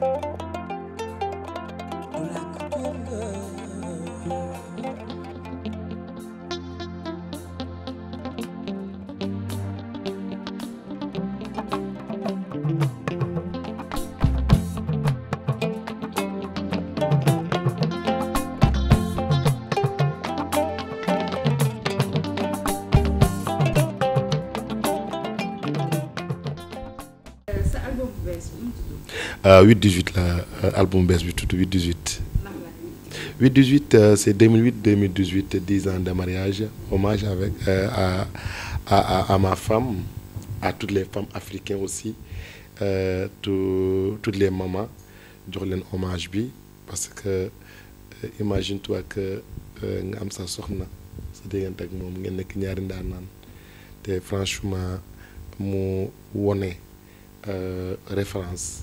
thank you 8 18 l'album album 8 18. 8 18 c'est 2008 2018 10 ans de mariage hommage avec euh, à à à ma femme à toutes les femmes africaines aussi euh, toutes les mamans je leur hommage bi parce que euh, imagine toi que nga am sa soxna sa déggante franchement mu euh, référence.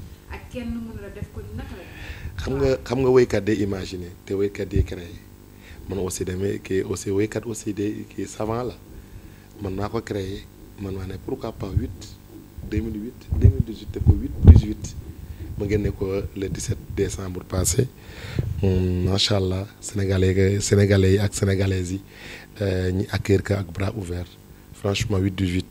def xam nga xam nga imaginer aussi savant la man maa créer man ne pourquoi pas huit 2008 2018 ko 8 ko le 17 décembre passé hum, macha allah sénégalais sénégalais yi ak sénégalaises yi euh, ñi accueillir ak bras ouverts franchement 8 18.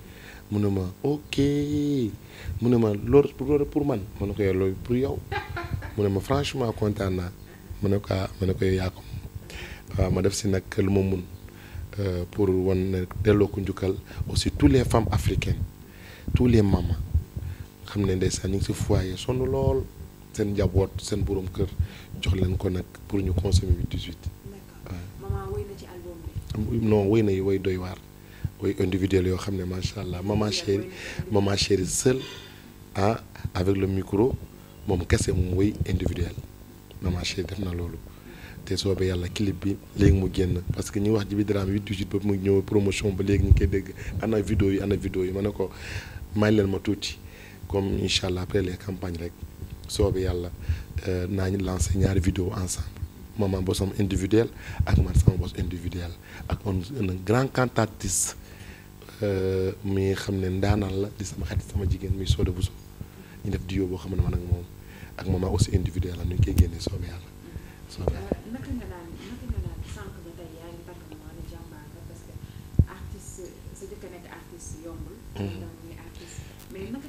mu ne ma ok mu ne ma loolu loolu pour man ma ne ko yow pour yow mu ne ma franchement kontaan naa ma ne ko ah, ma ne ko yow yaa ko waaw ma def si nag lu ma mun euh, pour wan ne delloo ko njukkal aussi tous les femmes africain tous les mamas xam ne ndeysaan ñu ngi si foyer sonn lool seen njaboot seen borom kër jox leen ko nag pour ñu consommer bi 18. d'accord maman wéy wéy na yi way doy waar. oui individuelles yoo xam ne macha allah maman chérie maman chérie seule ah avec le micro moom kese moom woy individuel maman chérie def na loolu te soobee yalla clip bi léegi mu génn parce que ñu wax Djiby Dramé 8 ba mu ñëw promotion ba léegi ñu koy dégg ana vidéo yi ana vidéo yi ma ne ko may leen ma tuuti comme incha après les campagnes rek yalla, yàlla euh, naañu lancé ñaari vidéo ensemble maman bosam individuel ak man sama individuel ak un grand cantatiste. Euh, mi xam ne ndaanaan la di sama xarit sama jigéen muy Soda Bousso ñu def diyo boo xam ne man ak moom ak mama aussi individuel la ñu koy génnee soobe yàlla soobe yàlla. Euh, naka nga daan naka nga daan sànq ba tey yaa ngi tàggat maa ne jàmbaar nga parce que artiste sa jëkk nekk artiste yombul. Mhm. donc artiste mais naka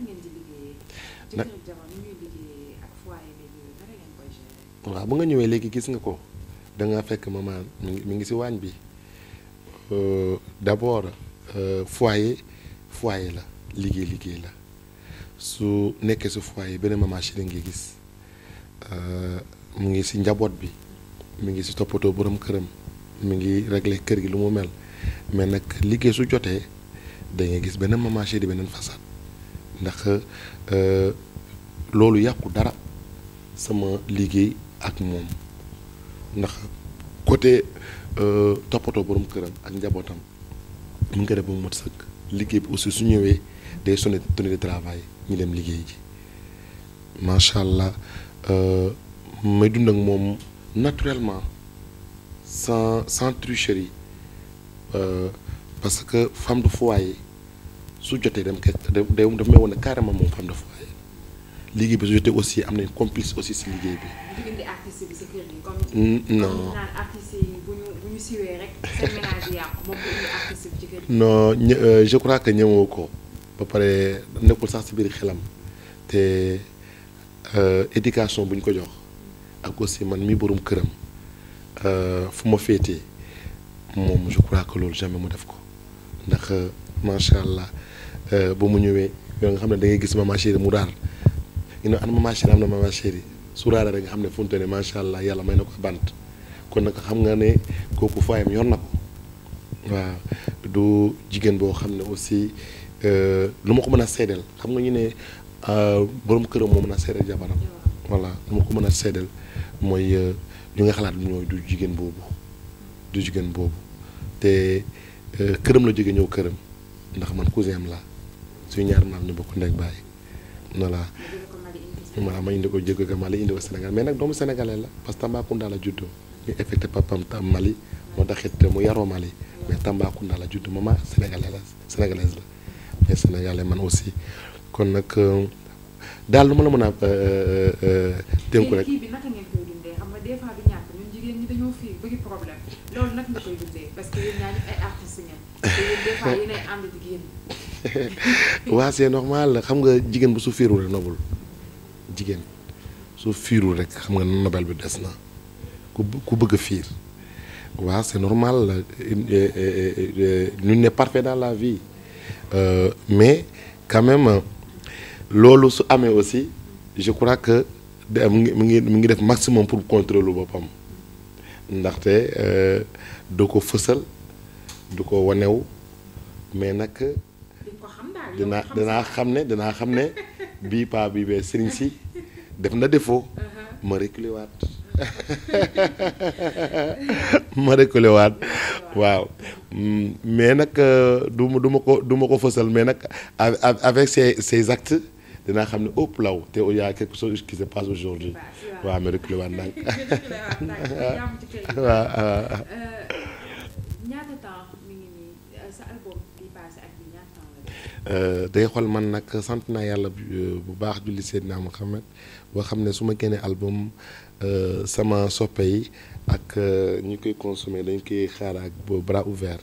bu nga ñëwee léegi gis nga ko da nga fekk mama mi ngi mi ngi si waañ euh, d'abord. Euh, foyer foyer la liggéey liggéey la su nekkee su foyer beneen maman chérie ngi gis euh, mu ngi si njaboot bi mu ngi si toppatoo borom këram mi ngi régler kër gi lu mu mel mais nag liggéey su jotee da ngay gis beneen maman chérie beneen façade ndax euh, loolu yàqu dara sama liggéey ak moom ndax côté toppatoo borom këram ak njabootam. mun ko def ba mu mot sëkk liggéey bi aussi su ñëwee day sonné tonne de travail ñu dem liggéey ji macha allah euh, may dund ak moom naturellement sans sans tricherie euh, parce que femme de foyer su jotee dem kay day daf may wane carrément moom femme de foyer liggéey bi su jotee aussi am nañ complice aussi si liggéey bi. artiste bi sa kër comme. non artiste bu ñu ñu siwee rek seen ménage yàqu moom artiste non euh, je crois que ñëwoo ko ba pare nekkul sax si biir xelam te euh, éducation bu ñu ko jox ak aussi man mii borom këram euh, fu ma féetee moom je crois que loolu jamais mu def ko ndax macha allah ba mu ñëwee yoo nga xam ne da ngay gis maman chérie mu raar ñu ne an maman am na maman chérie su raaree rek nga xam ne fu mu macha allah yàlla may na ko bant kon nag xam nga ne kooku faayam yoon na ko. waaw du jigéen boo xam ne aussi euh, lu ma ko mën a seedeel xam nga ñu ne euh, boroom këram moo mën a seedeel jabaram voilà lu ma ko mën a seedeel mooy euh, li nga xalaat ñooy du jigéen boobu du jigéen boobu te këram la jóge ñëw këram ndax man cousin am la suñu ñaar maam ñu bokk ndeg bàyyi voilà voilà ma indi ko jëkk ma la indi ko Sénégal mais nag doomu sénégalais la parce que Tambacounda la juddoo ñu affecté papam tam Mali moo taxit mu yaro Mali mais na la judd mama sénégalaise sénégalaise la mais sénégalais man aussi kon nak euh, dal lu ma la euh a euh, euh, dénku rek. kii bi naka ngeen koy dundee xam nga des fois du ñàkk ñun jigéen ñi dañoo fii bëgg problème loolu nag nga koy dundee parce que yéen ay artistes ngeen c'est normal xam nga jigen bu su fiirul rek nobul firu, su fiirul rek xam nga nobel bi na. ku bëgg a fiir waaw c'est normal euh, euh, euh, Nous n'est parfait dans la vie euh, mais quand même loolu su amee aussi je crois que mu mu ngi mu ngi def maximum pour contrôler boppam ndaxte du ko fësal du ko wanewu mais nag dinaa dinaa xam ne dinaa xam ne bii paa bii bee sëriñ si def na défaut uh-huh. ma reculer waat ma récolté waat waaw mm, mais nag euh, du ma du ma ko du ma ko fësal mais nag avec ces ces actes dinaa xam ne ëpp oh, law te il y a quelque chose qui se passe aujourd'hui bah, waaw ma récolté waat ndànk euh day xol man nak sant naa yàlla euh, bu baax julli Seydina Muhammad bo xamné suma su album euh, sama soppe yi ak euh, ñu koy consommer dañ koy xaar ak bras ouvert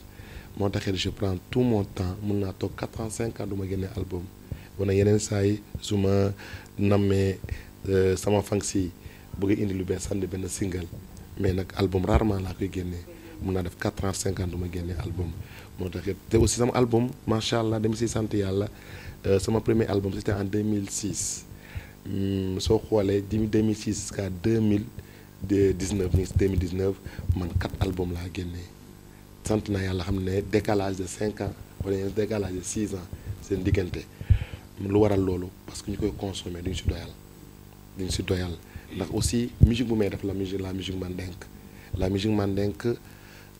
moo taxit je prends tout mon temps mun naa toog quatre ans cinq ans du ma génne album wana yeneen saa yi su ma nammee euh, sama fanks yi bëgg indi lu bees sànni benn single mais nag album rarement laa koy génnee mun naa def quatre ans cinq ans du ma génne album moo taxit te aussi sama album macha allah dem si sant yàlla sama premier album c'était en 2006. Mm, so xoolee dimi 2006 jusqu'à 2019 ñu ngi si man quatre albums laa génnee sant naa yàlla xam ne décalage de cinq ans wala décalage de six ans seen diggante lu waral loolu parce que ñu koy consommer duñ si doyal duñ si doyal ndax aussi musique bu may def la musique la musique mandingue la musique mandingue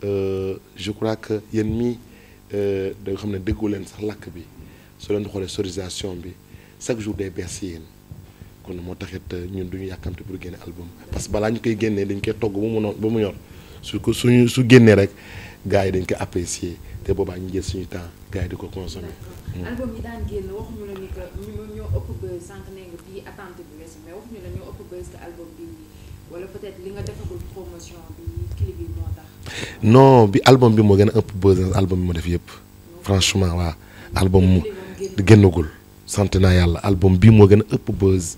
euh, je crois que yéen mii euh, da nga xam ne déggu leen sax lakk bi soo leen xoolee sonorisation bi chaque jour day bees yéen kon moo taxit euh, ñun duñu yàkkamte pour génné album parce que balaa ñu koy génnee dañ koy togg ba mu noon ba ñor su ko suñu su génné rek gaay dañ koy apprécier té boobaa ñu jël suñu temps gaay di ko consommer. Hmm. album yi daan génn waxuñu la ni que ñu ñoo ëpp buzz sànq nee nga bii attente bi weesu mais waxuñu la ñoo ëpp buzz que album bi wala peut-être li nga defagul promotion bi clip bi moo tax. non bi album bi mo gën ëpp buzz album bi mo def yépp franchement waa album mu génnagul sant naa yàlla album bii moo gën a ëpp buzz.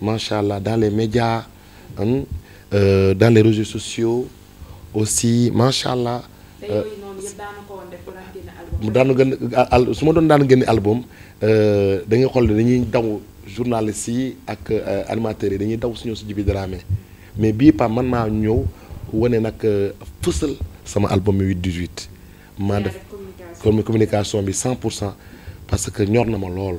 Machallah, dans les médias, hein, euh, dans les réseaux sociaux aussi, Machallah. daanu euh, gën al su ma doon daan album euh, da nga xool ne dañuy daw journalistes yi ak euh, animateurs yi dañuy daw suñu su Djiby Dramé mais bii pa man maa ñëw wane nag fësal sama album 818. 8 18 maa communication bi 100 parce que ñor na ma lool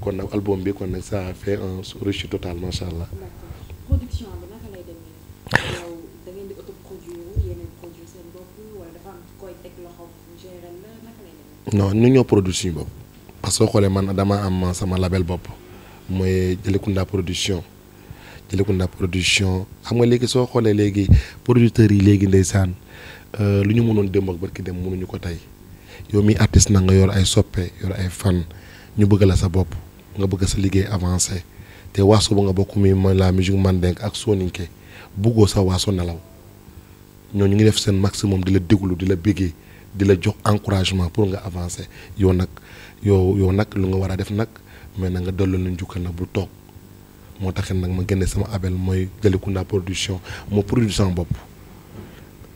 kon album bi kon ça a fait un reçu totalement, macha allah. production bi naka lay demee. yow da ngeen di autoproduire yeneen a produire seen bopp wala dafa am koy teg loxo la lay non ñu ñoo produire suñu parce que man dama am sama label bopp mooy production Jëlikunda production xam nga léegi soo xoolee léegi producteur yi léegi ndeysaan euh, lu ñu ko tey mi artiste na yor ay yor fan. ñu bëgg la sa bopp nga bëgg sa liggéey avancé te waaso ba nga bokk mi mooy la man dénk ak soninke bëggoo sa waaso nelaw ñoo ñu ngi def seen maximum di la déglu di la béggee di la jox encouragement pour nga avancé yow nag yow yow nag lu nga war a def nag mais na nga delloo leen njukkal nag bu toog moo tax nag ma génnee sama abel mooy Galicounda production ma produit sama bopp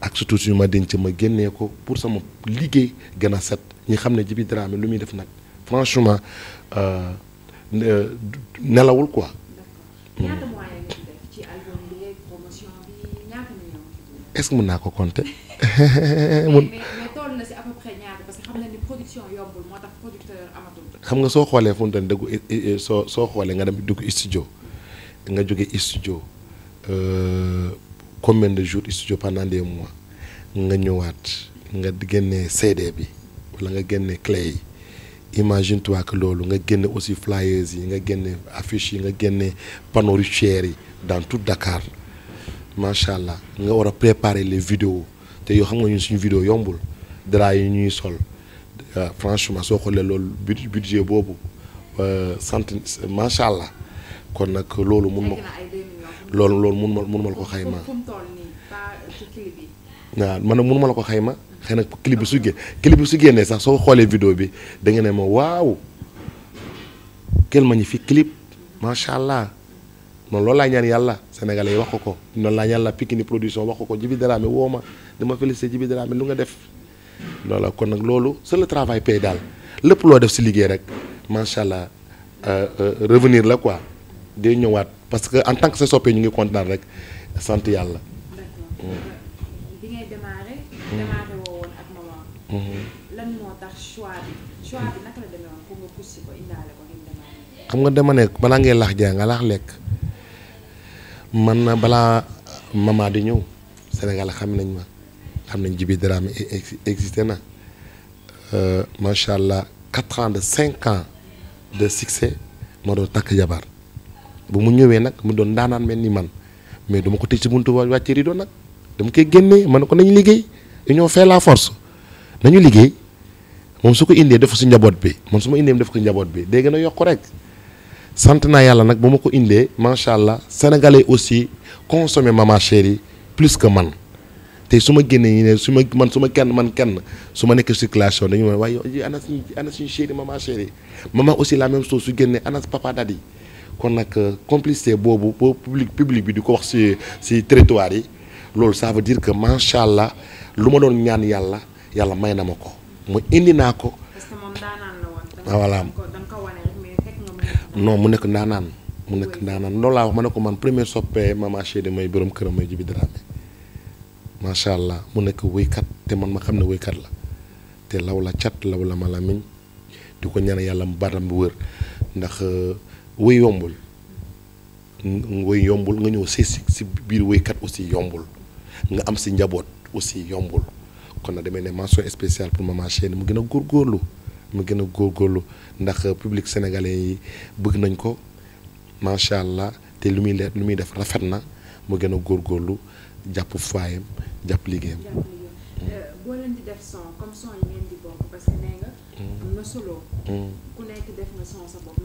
ak surtout suñu ma denc ma génnee ko pour sama liggéey gën a set ñi xam ne Djiby Dramé lu muy def nag franchement euh, euh, nelawul ko est-ce naa ko compter. xam nga soo xoolee fu mu toll dëggu soo soo xoolee nga dem dugg studio nga jóge studio euh, combien de jour studio pendant des mois nga ñëwaat nga génnee CD bi wala nga génnee clé yi. imagine toi que lolu nga génne aussi flyers yi nga génne affiches yi nga génne panneaux rituaires yi dans tout Dakar machallah nga wara a préparer les vidéos te yo xam nga ñun suñu vidéo yombul dara yi ñuy sol euh, franchement soo xoolee lolu budget boobu euh macha allah kon nak lolu mun ma lolu loolu mun ma mun ma ko xayma waaw man nag ma la ko xayma quel clip su sax vidéo bi da nga quel magnifique clip Masha allah man ñaan sénégalais wax ko ñaan la Pikini production wax ko ko de woo ma félicité def c'est le travail paye daal lépp loo def rek euh, euh, revenir la quoi ñëwaat parce que en tant que sa soppee ñu ngi rek xam nga dama ne bala ngay lax jaa nga laax lekk man na bala mama di ñëw Sénégal xam nañ ma xam nañ Djiby Dramé e, e, existé na eh, macha allah quatre ans de cinq ans de succès ma doon takk jabar bu mu ñëwee nag mu doon daanaan mel ni man mais duma ko tëj ci buntu wàcce rido nag dama koy génnee ma ne ko nañu liggéey union fait la force nañu liggéey moom su ko indee def ko si njaboot bi man su ma indee def ko njaboot bi day gën a yokk rek sant naa yàlla nag bu ma ko indee macha allah sénégalais aussi consommer Mama Chérie plus que man te su ma génnee ñu ne su ma man su ma kenn man kenn su ma nekk circulation dañu ma waaye yow ana suñu ana suñu chérie Mama Chérie maman aussi la même chose su génnee ana papa dadi kon nag euh, complicité boobu boo public public bi di ko wax si si territoire yi loolu ça veut dire que macha allah lu ma doon ñaan yàlla yàlla may na ma ko. mu indi naa ko. parce que moom daanaan la woon. Ah, mu nekk ndaanaan mu nekk ndaanaan loolu laa wax ma ne ko man première soppee Mama Chérie may borom këram may Djiby Dramé macha allah mu nekk wéykat te man ma xam ne wéykat la te law la cat law la ma di ko ñaan yàlla mu baram bu wër ndax euh, wéy yombul wéy yombul nga ñëw sëy si si biir wéykat aussi yombul nga am si njaboot aussi yombul kon na demee ne mention spéciale pour maman Chérie mu gën a góor góorgóorlu mu gën a góor góorgóorlu ndax public sénégalais yi bëgg nañ ko macha allah te lu muy le lu muy def rafet na mu gën a góorgóorlu jàpp foyam jàpp liggéeyam. Euh, boo leen di def son comme son yi ngeen di bokk parce que nee mm. am na solo. Mm. ku nekk def na son sa bopp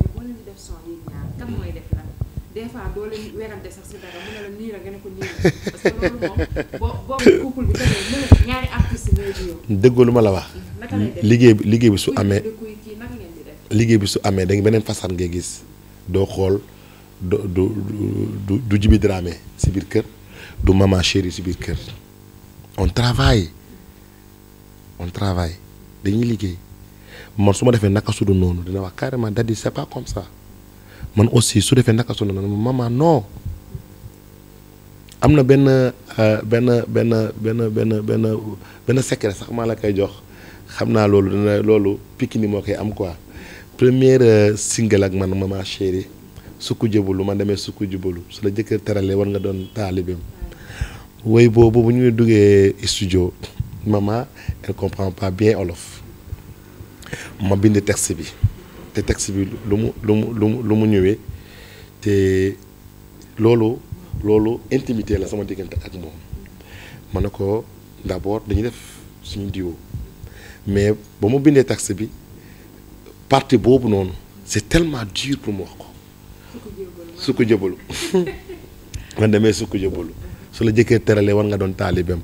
des lu ma la wax. Mm, liggéey bi liggéey bi su amee. liggéey bi su amee da beneen façade ngay gis doo xool du du du du Djiby Dramé si biir kër du Maman Chérie si biir kër on travaille on travaille dañuy liggéey man su ma defee naka su du noonu dina wax carrément dadi sa pas comme ça. man aussi su defee naka su na maman non am na benn euh, benn benn benn benn benn benn secret sax maa la koy jox xam naa loolu dana loolu piki ni moo koy am quoi première euh, single ak man maman chérie sukku lu ma demee sukku jëbalu su la jëkkër terale war nga doon taalibeem woy boobu bu ñu duggee studio maman elle comprend pas bien olof ma bind texte bi te texte bi lu mu lu mu lu mu lu mu ñëwee te loolu loolu intimité la sama diggante ak moom ma ne ko d'abord dañuy def suñu diwo mais ba mu bindee texte bi parti boobu noonu c'est tellement dur pour mu wax ko sukk jëbalu man demee suku jëbalu su la jëkkee teralee war nga doon taalibeem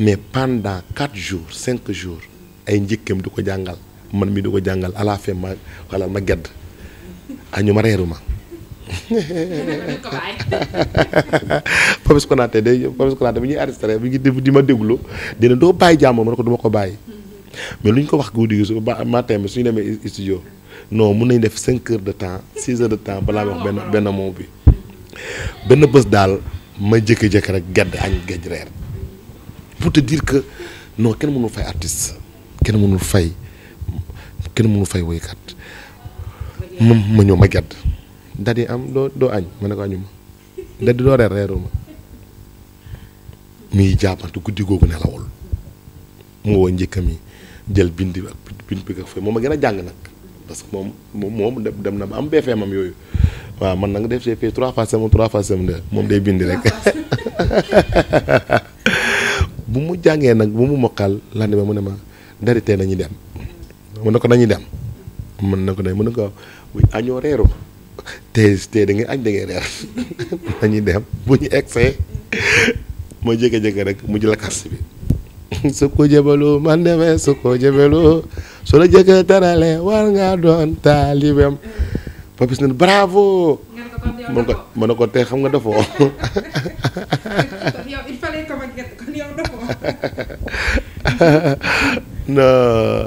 mais pendant 4 jours 5 jours ay njëkkeem du ko jàngal man mi di jangal ala fe la fin ma xalaat ma gedd añu ma reeruma ma konate de day konate bi ñi arrestere bi ngi di ma deglu de na do bay jamm ne ko duma ko bay mais luñ ko wax goudi gi ba matin bi suñu demé studio non mu nañ def 5 heures de temps 6 heures de temps bala wax ben ben mo bi ben bés dal ma jëk jëk rek gedd añ gejj reer pour te dire que non ken mënu fay artiste ken mënu fay kenn mënu fay woykat moom ma ñëw ma gedd da di am do do añ mané ko añuma dadi do rer reruma mi jappatu guddi gogu ne lawol mo wo ñeekami jël bindi ak bindi bi ak fay moom a gën a jàng parce que mom mom moom dem na am BFM am yoyu wa man nak def cp 3 fois 7 3 fois 7 2 moom day bindi rek bu mu jàngee nag bu mu mokkal lan ba mu ne ma dari tey nañu dem mu ne ko nañu dem mën na ko ne mu ne ko bu añu reeru té té da ngeen añ da ngeen reer nañu dem bu ñu egsee ma jégué jékki rek mu jël kasse bi su ko jebelu man su ko jebelu su la jégué taralé war nga doon talibem ba bis na bravo mon ko mon ko te xam nga dafo yow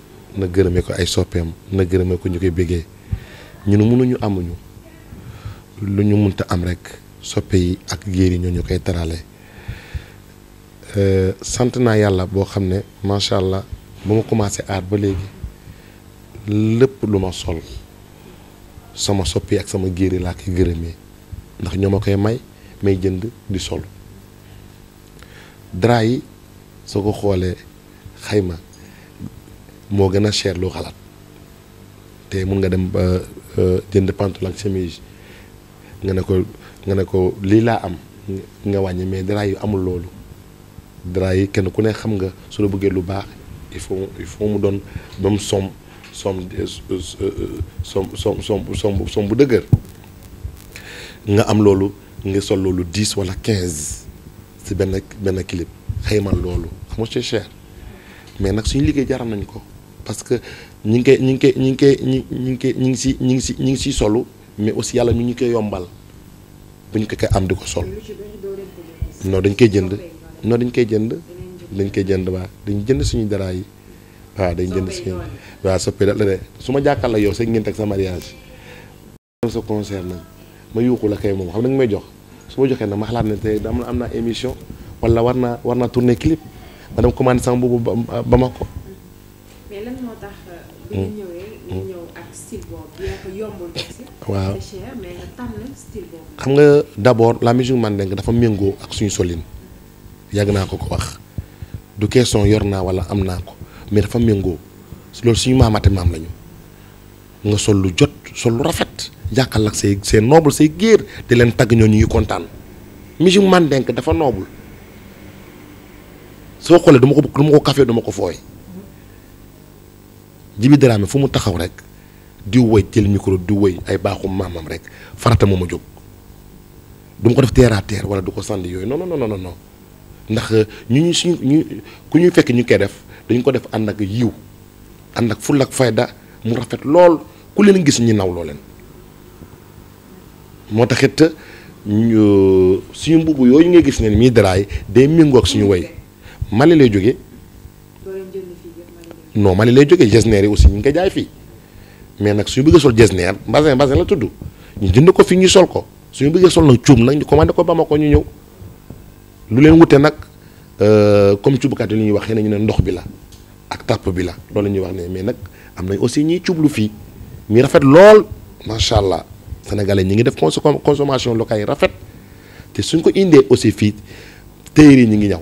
na gërëmee ko ay soppeem na gërëmee ko ñu koy béggee ñun mënuñu amuñu lu ñu munta am rek soppe yi ak géer yi ñoo ñu koy tarale euh, sant naa yàlla boo xam ne macha allah ba ma commencé aar ba léegi lépp lu ma sol sama soppi ak sama géer yi laa koy gërëmee ndax ñoo ma koy may may jënd di sol dara yi soo ko xoolee xayma mo gëna cher lu xalat te mën nga dem ba euh, euh, jënd pantalon ak chemise nga ne ko nga ne ko li la am nga wañi mais dara yu amul lolu dara yi kenn ku ne xam nga su lu bëgge lu baax il faut il faut mu don bam som som som som som som bu dëgër nga am lolu nga sol lolu 10 wala 15 si ben ben clip xaymal lolu xam nga ci cher mais nak suñu liggéey jaram nañ ko parce que ñi ngi koy ñi ngi koy ñi ngi koy ñi ngi koy ñi ngi si ñi ngi si ñi ngi siy solu mais aussi yàlla mi ñu koy yombal bu ñu ko koy am di ko sol non dañ koy jënd non dañ koy jënd dañ koy jënd waa dañ jënd suñu dara yi waaw dañ jënd suñu waaw soppee la ne ma jàkkaarloo yow sa ngénte ak sa mariage sa concert nag ma yuuxu la kay moom xam nag may jox su ma joxee nag ma xalaat ne tey dama am naa émission wala war naa war naa tourner clip ma dem commandé sama boobu ba ma ko Euh, mm. mm. waaw c'est nga tànn style boobu. xam nga d'abord la musique mandingue dafa méngoo ak suñu solin yàgg naa ko ko wax du question yor naa wala am naa ko mais dafa méngoo loolu suñu maamaate maam lañu nga sol lu jot sol lu rafet jàkkal ak say say noble say géer di leen tagg ñoo ñu ngi kontaan musique mandingue dafa noble soo xoolee dama ko dama ko café dama ko fooy. Djiby Dramé fu mu taxaw rek di woy jël micro di woy ay baaxu maamam rek farata moom a jóg du ma ko def terre à terre wala du ko sànni yooyu non non non ndax euh, ñu ñu suñu ñu ku ñuy fekk ñu koy def dañ ko def ànd ak yiw ànd ak fulla ak fayda mu rafet lool ku leen gis ñi naw loo leen moo tax it suñu mbubb yooyu ngay gis ne mii daraay day méngoo ak suñu woy Mali lay jóge non Mali lay jógee gesneer yi aussi ñu ngi jaay fii mais nag su suñu bëggee sol gesneer mbasin mbasin la tudd ñu jënd ko fii ñu sol ko suñu bëggee sol nag cuub nag ñu commandé ko Bamako ñu ñëw lu leen wute nag euh, comme cuubkat yi li ñuy wax xëy na ñu ne ndox bi la ak tàpp bi la loolu la ñuy wax ne mais nag am nañ aussi ñiy cuublu fii muy rafet lool macha allah sénégale ñu ngi def consommation locale yi rafet te suñ ko indee aussi fii téere ñu ngi ñaw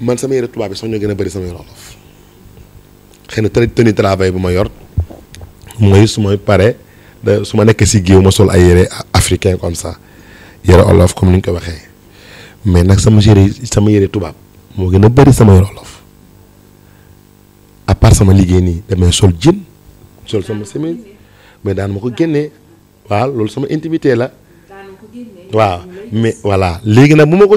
man sama yére tubaab suis sax ñoo gën a bëri sama yére xëy na travail bu ma yor mooy su ma pare su ma nekk si géew ma sol ay yére africain comme ça yére olof comme ni mais nag sama sama yére tubaab moo gën a sama à part sama liggéey nii damay sol sol sama mais daan ma ko waaw loolu sama intimité la waaw mais voilà léegi nag ko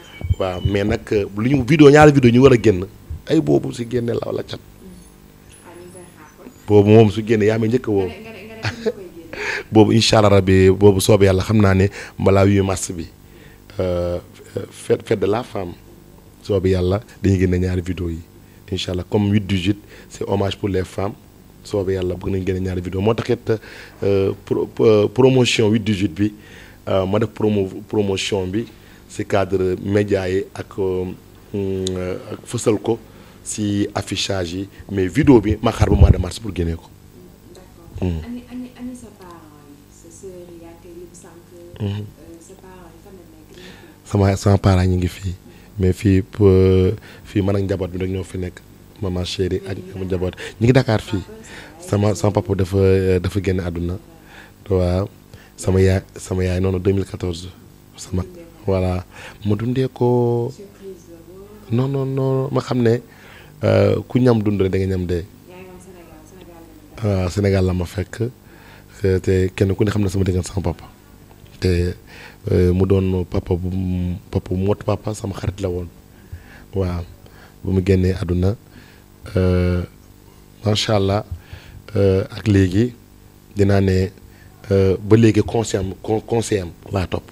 mais nak euh, lu vidéo ñaari vidéo ñu a génn ay boobu si génne la wala cat. boobu moom su génne yaa may njëkk woo. boobu incha allah rabi boobu soobee yàlla xam naa ne 8 mars bi euh, fête fête de la femme soobee yàlla dañuy génne ñaari vidéo yi comme 8 c'est hommage pour les femmes Je yàlla bëgg nañ génne vidéo moo euh, promotion 8 bi promo promotion si cadre média yi ak euh, ak fësal ko si affichage yi mais vidéo bi ma xaar ba mois de mars pour génnee ko. sama sama parents ñu ngi fii mais fii euh, fii man ak njaboot bi rek ñoo fi nekk maman chérie ak sama njaboot ñi ngi dakaar fii sama sama papa dafa euh, dafa génne àdduna waaw sama yaay sama yaay noonu 2014 sama. voilà ma dundee ko non non ma xam ne euh, ku ñam dund rek da nga ñam dee. waaw ah, la ma fekk euh, te kenn ku ne xam ne sama diggante sama papa te euh, mu doon papa bu papa bu papa sama xarit la woon waaw bu mu génnee àdduna macha allah ak léegi dinaa ne ba léegi conseil am conseil am laa topp.